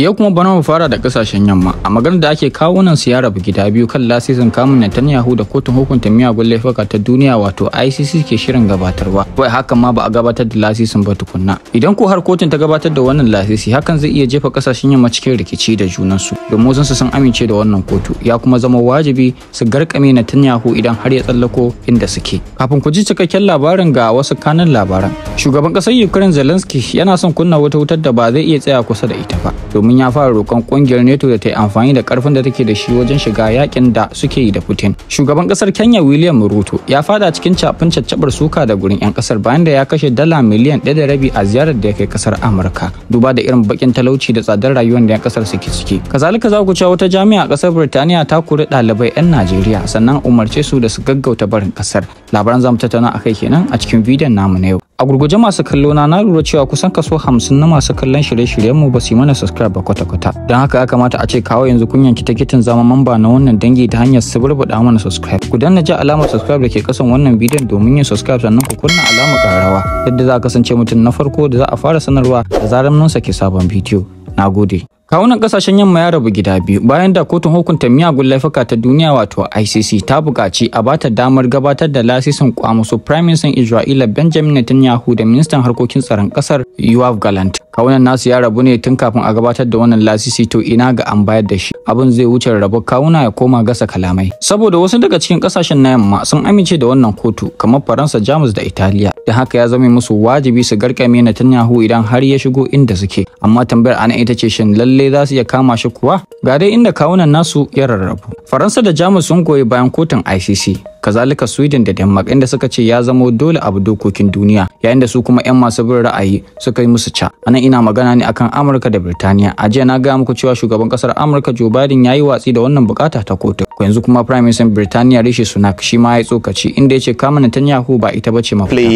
Yau kuma bana mu fara da kasashen yamma a maganar da ake kawo nan su ya rabu gida biyu kan lasisin kamun Netanyahu da kotun hukunta miyagun laifuka ta duniya wato ICC ke shirin gabatarwa. Wai hakan ma ba a gabatar da lasisin ba tukunna. Idan ko har kotun ta gabatar da wannan lasisi hakan zai iya jefa kasashen yamma cikin rikici da junansu. Domin su sun amince da wannan kotu ya kuma zama wajibi su garkame Netanyahu idan har ya tsallako inda suke. Kafin ku ji cikakken labarin ga wasu kanan labaran. Shugaban kasar Ukraine Zelensky yana son kunna wata wutar da ba zai iya tsaya kusa da ita ba. Domin domin ya fara roƙon ƙungiyar NATO da ta yi amfani da ƙarfin da take da shi wajen shiga yakin da suke yi da putin shugaban ƙasar kenya william ruto ya fada cikin cafin caccabar suka da gurin 'yan ƙasar bayan da ya kashe dala miliyan ɗaya da rabi a ziyarar da ya kai ƙasar amurka duba da irin baƙin talauci da tsadar rayuwar da 'yan ƙasar suke ciki kazalika za ku cewa wata jami'a ƙasar birtaniya ta kori ɗalibai 'yan najeriya sannan umarce su da su gaggauta barin ƙasar labaran zamu tattauna akai kenan a cikin bidiyon namu na yau a gurguje masu kallo na lura cewa kusan kaso 50 na masu kallon shirye-shiryen mu ba su yi mana subscribe ba kwata-kwata don haka ya kamata a ce kawo yanzu kunyan ki takitin zama mamba na wannan dangi ta hanyar suburbuɗa mana subscribe ku danna ja alamar subscribe da ke kasan wannan bidiyon domin yin subscribe sannan ku kunna alamar ƙararrawa yadda za a kasance mutum na farko da za a fara sanarwa da zarar mun sake sabon bidiyo na gode Kawunan kasashen yamma ya rabu gida biyu bayan da kotun hukunta miyagun laifuka ta duniya wato ICC ta buƙaci a bata damar gabatar da lasisin kwamusu Prime Minister Isra'ila Benjamin Netanyahu da Ministan Harkokin Tsaron ƙasar Yoav galant Kawunan nasu ya rabu ne tun kafin a gabatar da wannan lasisi to ina ga an bayar da shi. Abin zai wuce rabu kawuna ya koma gasa kalamai. Saboda wasu daga cikin kasashen na yamma sun amince da wannan kotu kamar Faransa, Jamus da Italiya. Da haka ya zama musu wajibi su garkame Netanyahu idan har ya shigo inda suke. Amma tambayar ana ita ce shin lalle lallai za su iya kama shi kuwa ga dai inda kawunan nasu ya rarrabu faransa da jamus sun goyi bayan kotun icc kazalika sweden da denmark inda suka ce ya zama dole abu dokokin duniya yayin da su kuma 'yan masu bin ra'ayi suka yi musu ca anan ina magana ne akan amurka da birtaniya a jiya na gaya muku cewa shugaban kasar amurka joe biden ya yi watsi da wannan bukata ta kotu yanzu kuma prime minister birtaniya rishi sunak shi ma ya tsokaci inda ya ce kama netanyahu ba ita bace mafita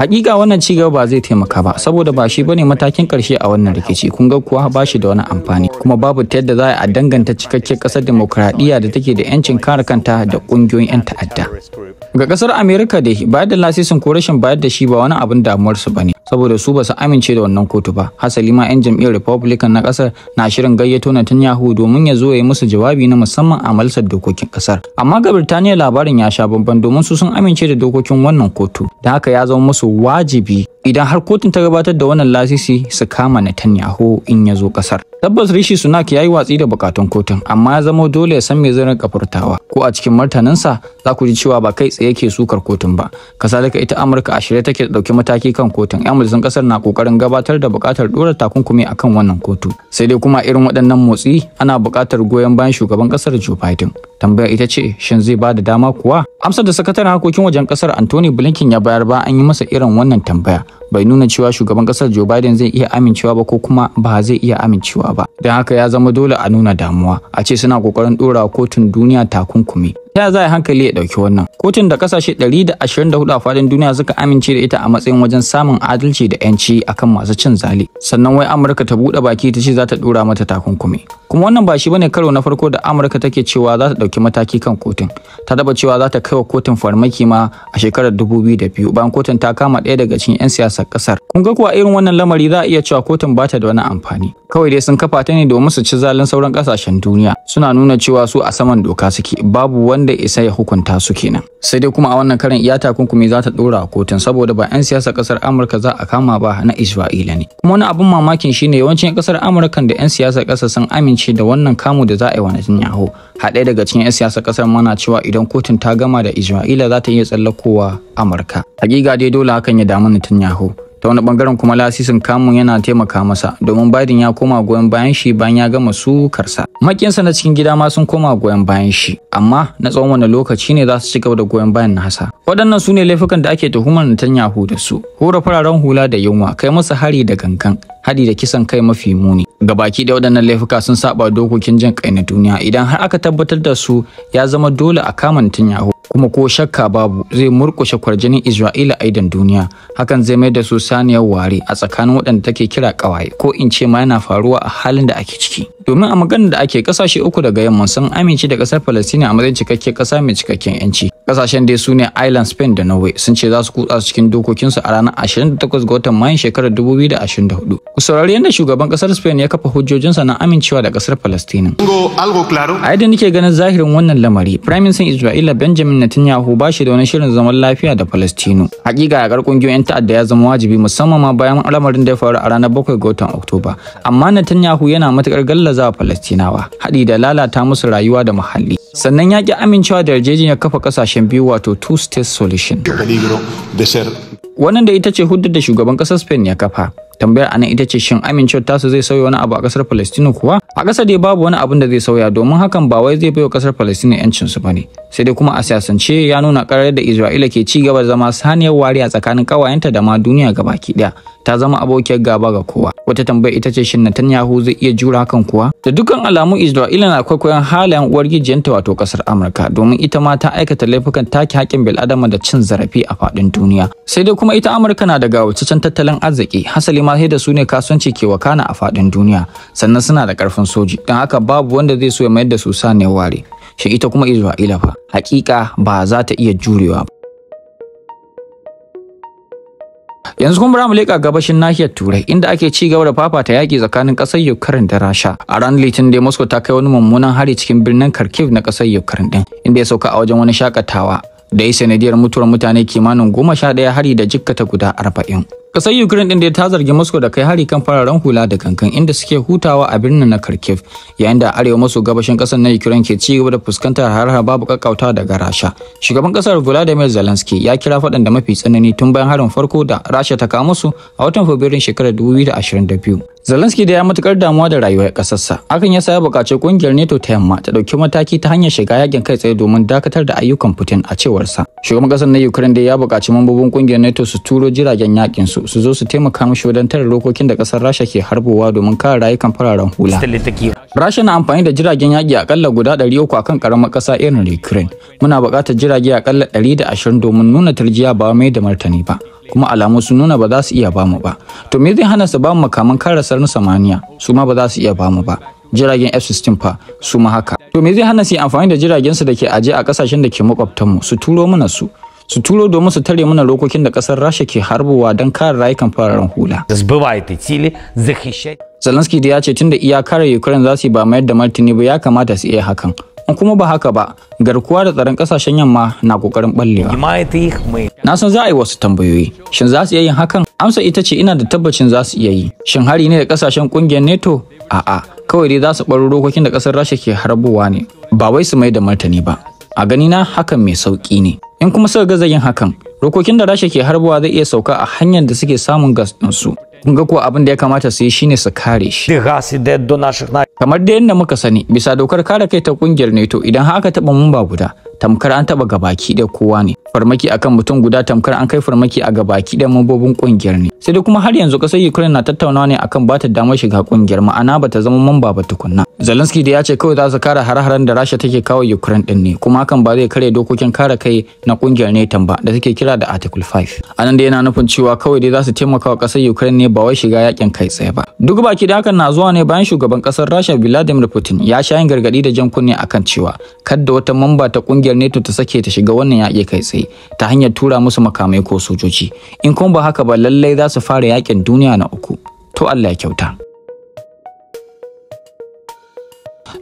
hakika wannan ci gaba ba zai taimaka ba saboda ba shi bane matakin karshe a wannan rikici kun ga kuwa ba shi da wani amfani kuma babu ta yadda za a danganta cikakken kasar demokradiyya da take da yancin kare kanta makaranta da ƙungiyoyin 'yan ta'adda Ga kasar Amerika dai bayar da lasisin ko rashin bayar da shi ba wani abin damuwarsu su ne, saboda su basu amince da wannan kotu ba. Hasali ma 'yan jam'iyyar Republican na kasar na shirin gayyato Netanyahu domin ya zo ya yi musu jawabi na musamman a malsar dokokin kasar. Amma ga Birtaniya labarin ya sha bamban domin su sun amince da dokokin wannan kotu, da haka ya zama musu wajibi idan har kotun ta gabatar da wannan lasisi su kama Netanyahu in ya zo kasar. Tabbas Rishi Sunak ya yi watsi da bukatun kotun, amma ya zama dole ya san me zai rinka furtawa. Ko a cikin martaninsa za ku ji cewa ba kai tsaye ke sukar kotun ba kasalika ita amurka a shirye take dauki mataki kan kotun yan majalisun kasar na kokarin gabatar da bukatar dora takunkumi akan wannan kotu sai dai kuma irin waɗannan motsi ana bukatar goyon bayan shugaban kasar joe biden Tambaya ita ce shin zai ba da dama kuwa? Amsar da sakataren harkokin wajen kasar Anthony Blinken ya bayar ba an yi masa irin wannan tambaya. Bai nuna cewa shugaban kasar Joe Biden zai iya amincewa ba ko kuma ba zai iya amincewa ba. Don haka ya zama dole a nuna damuwa. A ce suna kokarin dora kotun duniya takunkumi. ta za a hankali ya dauki wannan kotun da kasashe 124 a fadin duniya suka amince da ita a matsayin wajen samun adalci da 'yanci akan masu cin zali sannan wai amurka ta buɗe baki ta ce za ta dora mata takunkumi kuma wannan ba shi bane karo na farko da amurka take cewa za ta ɗauki mataki kan kotun ta daba cewa za ta kai wa kotun farmaki ma a shekarar 2002 bayan kotun ta kama ɗaya daga cikin 'yan siyasar kasar kun ga kuwa irin wannan lamari za a iya cewa kotun ba ta da wani amfani kawai dai sun kafa ta ne domin su ci zalin sauran kasashen duniya suna nuna cewa su a saman doka suke babu wanda isa ya hukunta su kenan sai dai kuma a wannan karin iya takunkumi za ta dora kotun saboda ba 'yan siyasa kasar amurka za a kama ba na isra'ila ne kuma wani abin mamakin shine yawancin kasar Amurka da 'yan siyasa kasar sun amince da wannan kamu da za a yi wa netanyahu haɗe daga cikin 'yan siyasa kasar mana cewa idan kotun ta gama da isra'ila za ta iya tsallakowa amurka hakika dai dole hakan ya damu netanyahu ta wani bangaren kuma lasisin kamun yana taimaka masa domin Biden ya koma goyon bayan shi bayan ya gama sukarsa. Makinsa na cikin gida ma sun koma goyon bayan shi amma na tsawon wani lokaci ne za su ci gaba da goyon bayan nasa. Waɗannan su ne laifukan da ake tuhumar Netanyahu da su. Hura fararen hula da yunwa kai musu hari da gangan hadi da kisan kai mafi muni. Gabaki da waɗannan laifuka sun saba dokokin jin kai na duniya idan har aka tabbatar da su ya zama dole a kama Netanyahu kuma ko shakka babu zai murkushe kwarjinin Isra'ila a idan duniya hakan zai mai da su saniyar ware a tsakanin waɗanda take kira ƙawaye ko in ce ma yana faruwa a halin da ake ciki domin a maganar da ake kasashe uku daga yamma sun amince da kasar Palestina a matsayin cikakken kasa mai cikakken yanci. Kasashen dai su ne Ireland, Spain da Norway sun ce za su kutsa cikin dokokinsu a ranar 28 ga watan Mayun shekarar 2024. Ku saurari yadda shugaban kasar Spain ya kafa hujjojinsa na amincewa da kasar Palestina. A yadda nake ganin zahirin wannan lamari, Prime Minister Isra'ila Benjamin Netanyahu ba shi da wani shirin zaman lafiya da Palestino. Hakika yakar ƙungiyoyin ta'adda ya zama wajibi musamman ma bayan lamarin da ya faru a ranar 7 ga watan Oktoba. Amma Netanyahu yana matukar galla wa Falastinawa, haɗi da lalata musu rayuwa da muhalli. Sannan ya amincewa da yarjejeniyar kafa ƙasashen biyu wato two-state solution. Wannan da ita ce huddar da shugaban ƙasar Spain ya kafa. Tambayar anan ita ce shin amincewar tasu zai sauya wani abu a ƙasar Falastinu kuwa? A ƙasa dai babu wani abin da zai sauya domin hakan ba wai zai baiwa ƙasar Falastinu ‘yancin su bane. Sai dai kuma a siyasance ya nuna ƙarar da Isra'ila ke ci gaba da zama saniyar wariya tsakanin ƙawayenta da ma duniya gabaki ɗaya. ta zama abokiyar gaba ga kowa wata tambayar ita ce shin Netanyahu zai iya jura hakan kuwa da dukkan alamu Isra'ila na kwaikwayon halayen uwar gijiyanta wato kasar Amurka domin ita ma ta aikata laifukan take haƙƙin bil'adama da cin zarafi a faɗin duniya sai dai kuma ita Amurka na da gawurtaccen tattalin arziki hasali ma sai da su ne kasuwanci ke wakana a faɗin duniya sannan suna da ƙarfin soji don haka babu wanda zai so ya mayar da su ware. shi ita kuma Isra'ila fa hakika ba za ta iya jurewa ba Yanzu kuma mu leƙa gabashin nahiyar Turai inda ake ci gaba da fafata yaƙi tsakanin ƙasar Ukraine da Rasha. A ranar Litinin da Moscow ta kai wani mummunan hari cikin birnin Kharkiv na ƙasar Ukraine din inda ya sauka a wajen wani shakatawa. da ya sanadiyar mutuwar mutane kimanin goma sha ɗaya hari da jikkata guda arba'in. Kasar Ukraine ɗin da ta zargi Moscow da kai hari kan fararen hula da kankan inda suke hutawa a birnin na Kharkiv, yayin da arewa maso gabashin ƙasar na Ukraine ke ci gaba da fuskantar har babu kakkautawa daga Rasha. Shugaban ƙasar Vladimir Zelensky ya kira faɗan da mafi tsanani tun bayan harin farko da Rasha ta kawo musu a watan Fabrairu shekarar 2022. Zelensky da ya matukar damuwa da rayuwar kasarsa. Hakan ya sa ya buƙaci kungiyar NATO ta yamma ta ɗauki mataki ta hanyar shiga yakin kai tsaye domin dakatar da ayyukan Putin a cewar sa Shugaban ƙasar na Ukraine da ya buƙaci mambobin ƙungiyar NATO su turo jiragen yakin su su zo su taimaka mishi wajen tare rokokin da ƙasar Rasha ke harbowa domin kare rayukan fararen hula. Rasha na amfani da jiragen yaki akalla guda 300 akan karamar ƙasa irin Ukraine. Muna buƙatar jirage akalla 120 domin nuna turjiya ba mai da martani ba. kuma alamu sun nuna ba za su iya bamu ba to me zai hana su bamu makaman kare sararin samaniya su ma ba za su iya bamu ba jiragen F-16 fa su ma haka to me zai hana su amfani da jiragen su da ke aje a kasashen da ke mu, su turo mana su su turo domin su tare mana lokokin da kasar Rasha ke harbowa don kare rayukan fararen hula. Zelensky da ya ce tunda iyakar Ukraine za su ba mayar da martini ba ya kamata su iya hakan in kuma ba haka ba garkuwa da tsaron kasashen yamma na kokarin ballewa na san za a yi wasu tambayoyi shin za su iya yin hakan amsa ita ce ina da tabbacin za su iya yi shin hari ne da kasashen kungiyar neto a'a kawai dai za su ɓaro rokokin da ƙasar rasha ke harbowa ne ba wai su mai da martani ba a gani na hakan mai sauƙi ne in kuma suka gaza yin hakan rokokin da rasha ke harbowa zai iya sauka a hanyar da suke samun gas ɗinsu kun ga kuwa abin da ya kamata su yi shine su kare shi do kamar da yadda muka sani bisa dokar kare kai ta kungiyar NATO idan haka taba mun ba guda tamkar an taba gabaki da kowa ne farmaki akan mutum guda tamkar an kai farmaki a gabaki da mambobin kungiyar ne sai dai kuma har yanzu kasar Ukraine na tattaunawa ne akan ba ta damar shiga kungiyar ma'ana ta zama mamba ba tukunna Zelensky da ya ce kawai za su kare har-haren da Rasha take kawo Ukraine din ne kuma hakan ba zai kare dokokin kare kai na kungiyar ne tamba da take kira da Article 5 anan da yana nufin cewa kawai dai za su taimaka wa kasar Ukraine ne ba wai shiga yakin kai tsaye ba duk baki da hakan na zuwa ne bayan shugaban kasar Rasha Vladimir Putin ya sha yin gargadi da jan kunne akan cewa kada wata mamba ta kungiyar kungiyar NATO ta sake ta shiga wannan yaƙi kai tsaye ta hanyar tura musu makamai ko sojoji in kuma ba haka ba lallai za su fara yaƙin duniya na uku to Allah ya kyauta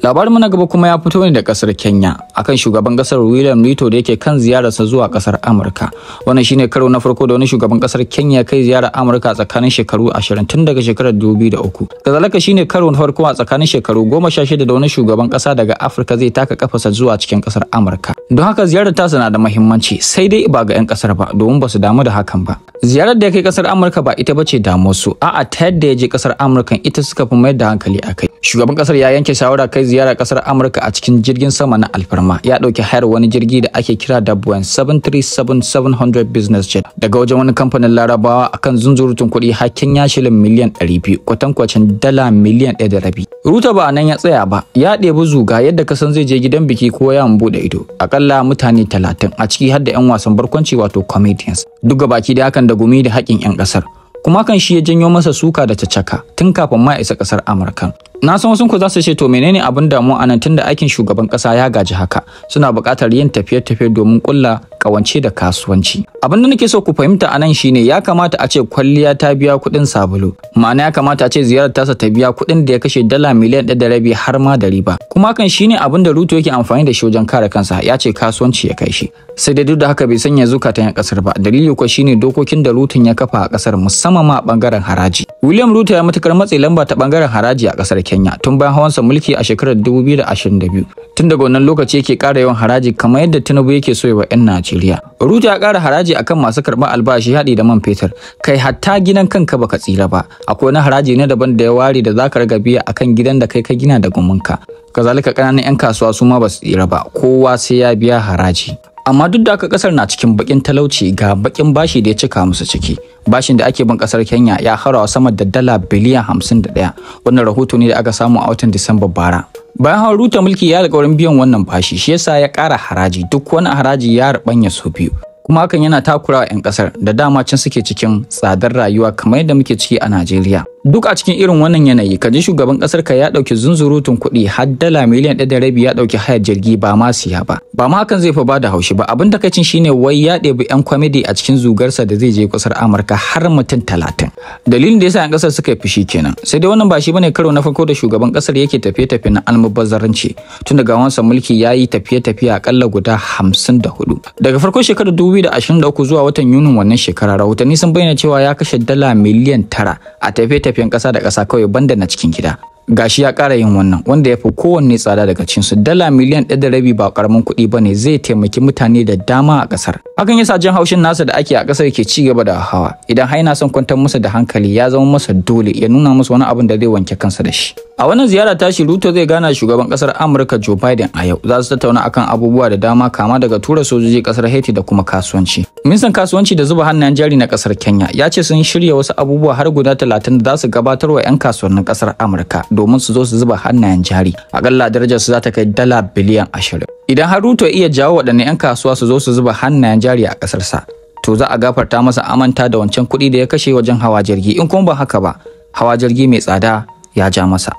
Labarinmu na gaba kuma ya fito ne da kasar Kenya akan shugaban kasar William Ruto da yake kan ziyararsa zuwa kasar Amurka. Wannan shine karo na farko da wani shugaban kasar Kenya kai ziyarar Amurka tsakanin shekaru 20 tun daga shekarar 2003. shi shine karo na farko a tsakanin shekaru 16 da wani shugaban kasa daga Afirka zai taka kafasa zuwa cikin kasar Amurka. Don haka ziyarar tasa na da muhimmanci sai dai ba ga 'yan kasar ba domin ba su damu da hakan ba. Ziyarar da ya kai kasar Amurka ba ita bace damuwarsu a'a ta yadda ya je kasar Amurka ita suka fi mayar da hankali a kai. shugaban kasar ya yanke shawara kai ziyara kasar amurka a cikin jirgin sama na alfarma ya ɗauki hayar wani jirgi da ake kira da boeing 737-700 business jet daga wajen wani kamfanin larabawa akan zunzurutun kuɗi hakin ya shilin miliyan 200 kwacin dala miliyan da rabi. ruta ba nan ya tsaya ba ya ɗebi zuga yadda kasan zai je gidan biki ko ya buɗe ido akalla mutane 30 a ciki har da 'yan wasan barkwanci wato comedians duk baki da hakan da gumi da haƙin 'yan ƙasar kuma kan shi ya janyo masa suka da cacaka tun kafin ma isa kasar amurka na san wasu ku za su ce to menene abin damuwa tun da aikin shugaban kasa ya gaji haka suna buƙatar yin tafiye-tafiye domin kulla kawance da kasuwanci abin da nake so ku fahimta anan shine ya kamata a ce kwalliya ta biya kuɗin sabulu ma'ana ya kamata a ce ziyarar tasa ta biya kuɗin da ya kashe dala miliyan ɗaya da rabi har ma da riba kuma hakan shine abin da Ruto yake amfani da shi wajen kare kansa ya ce kasuwanci ya kai shi sai dai duk da haka bai sanya zukatan ya kasar ba dalili kuwa shine dokokin da Ruto ya kafa a kasar musamman ma a bangaren haraji William Ruto ya matukar matsi lamba ta bangaren haraji a kasar Kenya tun bayan hawansa mulki a shekarar 2022 tun daga wannan lokaci yake kara yawan haraji kamar yadda Tinubu yake so yi wa 'yan Najeriya Najeriya. Ruja ya kara haraji akan masu karɓar albashi haɗi da man fetur, kai hatta gidan kanka baka tsira ba. Akwai na haraji na daban da ya ware da zaka riga biya akan gidan da kai ka gina da gumunka. Kazalika ƙananan 'yan kasuwa su ma ba su tsira ba, kowa sai ya biya haraji. amma duk da haka kasar na cikin bakin talauci ga bakin bashi da ya cika musu ciki bashin da ake bin kasar kenya ya harawa sama da dala biliyan hamsin da 51 wannan rahoto ne da aka samu a watan disamba bara bayan hawan ruta mulki ya alƙawarin biyan wannan bashi shi yasa ya ƙara haraji duk wani haraji ya rubanya su biyu kuma hakan yana takura wa 'yan kasar da dama can suke cikin tsadar rayuwa kamar yadda muke ciki a najeriya duk a cikin irin wannan yanayi kaji shugaban kasar ka ya dauki zunzurutun kuɗi har dala miliyan ɗaya da rabi ya dauki hayar jirgi ba ma siya ba ba ma hakan zai fi ba da haushi ba abin takaicin shine wai ya ɗebi yan kwamidi a cikin zugarsa da zai je kasar amurka har mutum talatin dalilin da yasa yan kasar suka yi fushi kenan sai dai wannan ba shi bane karo na farko da shugaban kasar yake tafiye-tafiye na almubazzaranci tun daga wansa mulki ya yi tafiye-tafiye akalla guda hamsin da hudu daga farkon shekarar dubu zuwa watan yunin wannan shekara rahotanni sun bayyana cewa ya kashe dala miliyan tara a tafiye-tafiye tafiye ƙasa da ƙasa kawai banda na cikin gida gashi ya ƙara yin wannan wanda ya fi kowanne tsada daga cinsu dala miliyan ɗaya da rabi ba ƙaramin kuɗi ba ne zai taimaki mutane da dama a ƙasar hakan yasa jin haushin nasa da ake a ƙasar ke ci gaba da hawa idan haina son kwantar masa da hankali ya zama masa dole ya nuna musu wani abin da zai wanke kansa da shi a wannan ziyara tashi ruto zai gana shugaban ƙasar amurka joe biden a yau za su tattauna akan abubuwa da dama kama daga tura sojoji ƙasar haiti da kuma kasuwanci Ministan kasuwanci da zuba hannayen jari na kasar Kenya ya ce sun shirya wasu abubuwa har guda talatin da za su gabatar wa 'yan kasuwannin kasar Amurka domin su zo su zuba hannayen jari. Akalla darajar su za ta kai dala biliyan ashirin. Idan har Ruto iya jawo waɗanne 'yan kasuwa su zo su zuba hannayen jari a ƙasarsa, to za a gafarta masa amanta da wancan kuɗi da ya kashe wajen hawa jirgi in kuma ba haka ba, hawa jirgi mai tsada ya ja masa.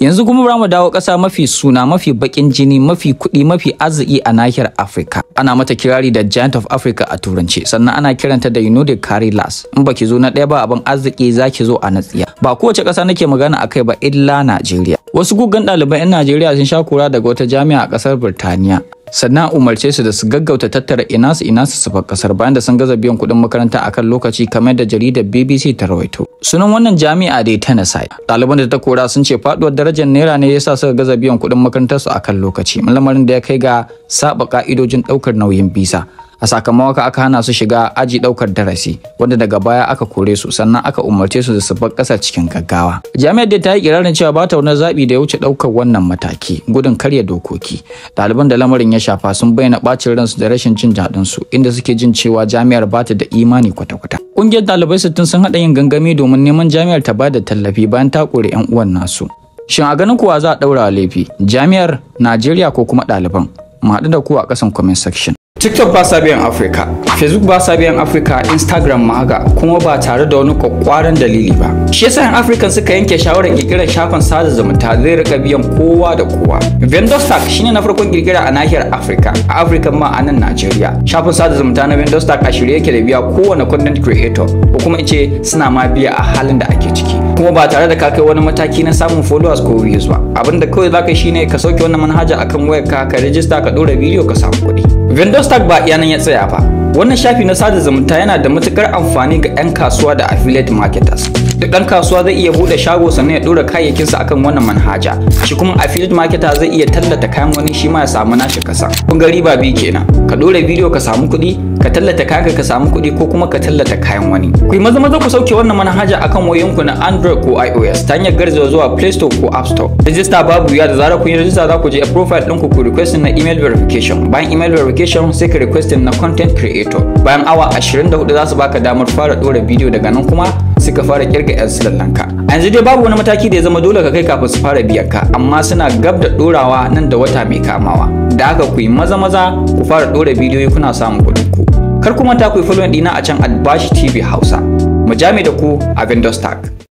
yanzu kuma bara mu dawo ƙasa mafi suna mafi baƙin jini mafi kuɗi mafi arziki a nahiyar afirka ana mata kirari da giant of africa a turanci sannan ana kiranta da you know the carry last in baki zo na ɗaya ba abin arziki zaki zo a natsiya ba kowace ƙasa nake magana akai ba illa najeriya wasu gugan ɗaliban 'yan najeriya sun sha kura daga wata jami'a a ƙasar birtaniya sannan umarce su da su gaggauta tattara ina su ina su sufa kasar bayan da sun gaza biyan kuɗin makaranta akan lokaci kamar da jaridar BBC ta rawaito. Sunan wannan jami'a dai ta Nasai. Ɗaliban da ta kora sun ce faduwar darajar naira ne yasa suka gaza biyan kuɗin makarantarsu akan lokaci, lamarin da ya kai ga saba ka'idojin ɗaukar nauyin visa a sakamakon aka hana su shiga aji daukar darasi wanda daga baya aka kore su sannan aka umarce su da su bar kasar cikin gaggawa jami'ar da ta yi kirarin cewa ba ta wani zaɓi da ya wuce daukar wannan mataki gudun karya dokoki Daliban da lamarin ya shafa sun bayyana ɓacin ransu da rashin jin daɗin su inda suke jin cewa jami'ar ba ta da imani kwata-kwata ƙungiyar ɗalibai sittin sun haɗa yin gangami domin neman jami'ar ta ba da tallafi bayan ta kore 'yan uwan nasu shin a ganin kuwa za a ɗaura laifi jami'ar najeriya ko kuma ɗaliban mu haɗu da ku a ƙasan comment section TikTok ba sa biyan Afirka, Facebook ba sa biyan Afirka, Instagram ma haka kuma ba tare da wani kwakwaran dalili ba. Shi yasa yan Afirka suka yanke shawarar kirkirar shafin sada zumunta zai rika biyan kowa da kowa. Vendor Stack shine na farkon kirkira a nahiyar Afirka, a Afirka ma a nan Najeriya. Shafin sada zumunta na Vendor Stack a shirye yake da biya kowane content creator, ko kuma ice suna ma biya a halin da ake ciki. kuma ba tare da ka kai wani mataki na samun followers ko views ba da kawai zaka shine ka sauke wannan manhaja akan wayar ka ka register ka dora bidiyo ka samu kuɗi vendor stack ba yanan ya tsaya ba wannan shafi na sada zumunta yana da matukar amfani ga 'yan kasuwa da affiliate marketers duk ɗan kasuwa zai iya buɗe shago sannan ya ɗora kayayyakinsa akan wannan manhaja shi kuma a affiliate marketer zai iya tallata kayan wani shi ma ya samu nashi kasa kun ga riba biyu kenan ka ɗora bidiyo ka samu kuɗi ka tallata kayanka ka samu kuɗi ko kuma ka tallata kayan wani ku yi maza maza ku sauke wannan manhaja akan wayoyinku na android ko ios ta hanyar garzawa zuwa play store ko app store rijista babu ya da zarar ku yi rijista za ku je a profile ɗinku ku request na email verification bayan email verification sai ka request na content creator bayan awa 24 za su baka damar fara ɗora bidiyo daga nan kuma suka fara kirga 'yan sulallanka a yanzu dai babu wani mataki da ya zama dole ka kai kafin su fara biyan ka amma suna gab da dorawa nan da wata mai kamawa da haka ku yi maza maza ku fara dora bidiyoyi kuna samun kuɗin ku kar kuma ta ku yi following ɗina a can albashi tv hausa mu jami da ku a vendor stack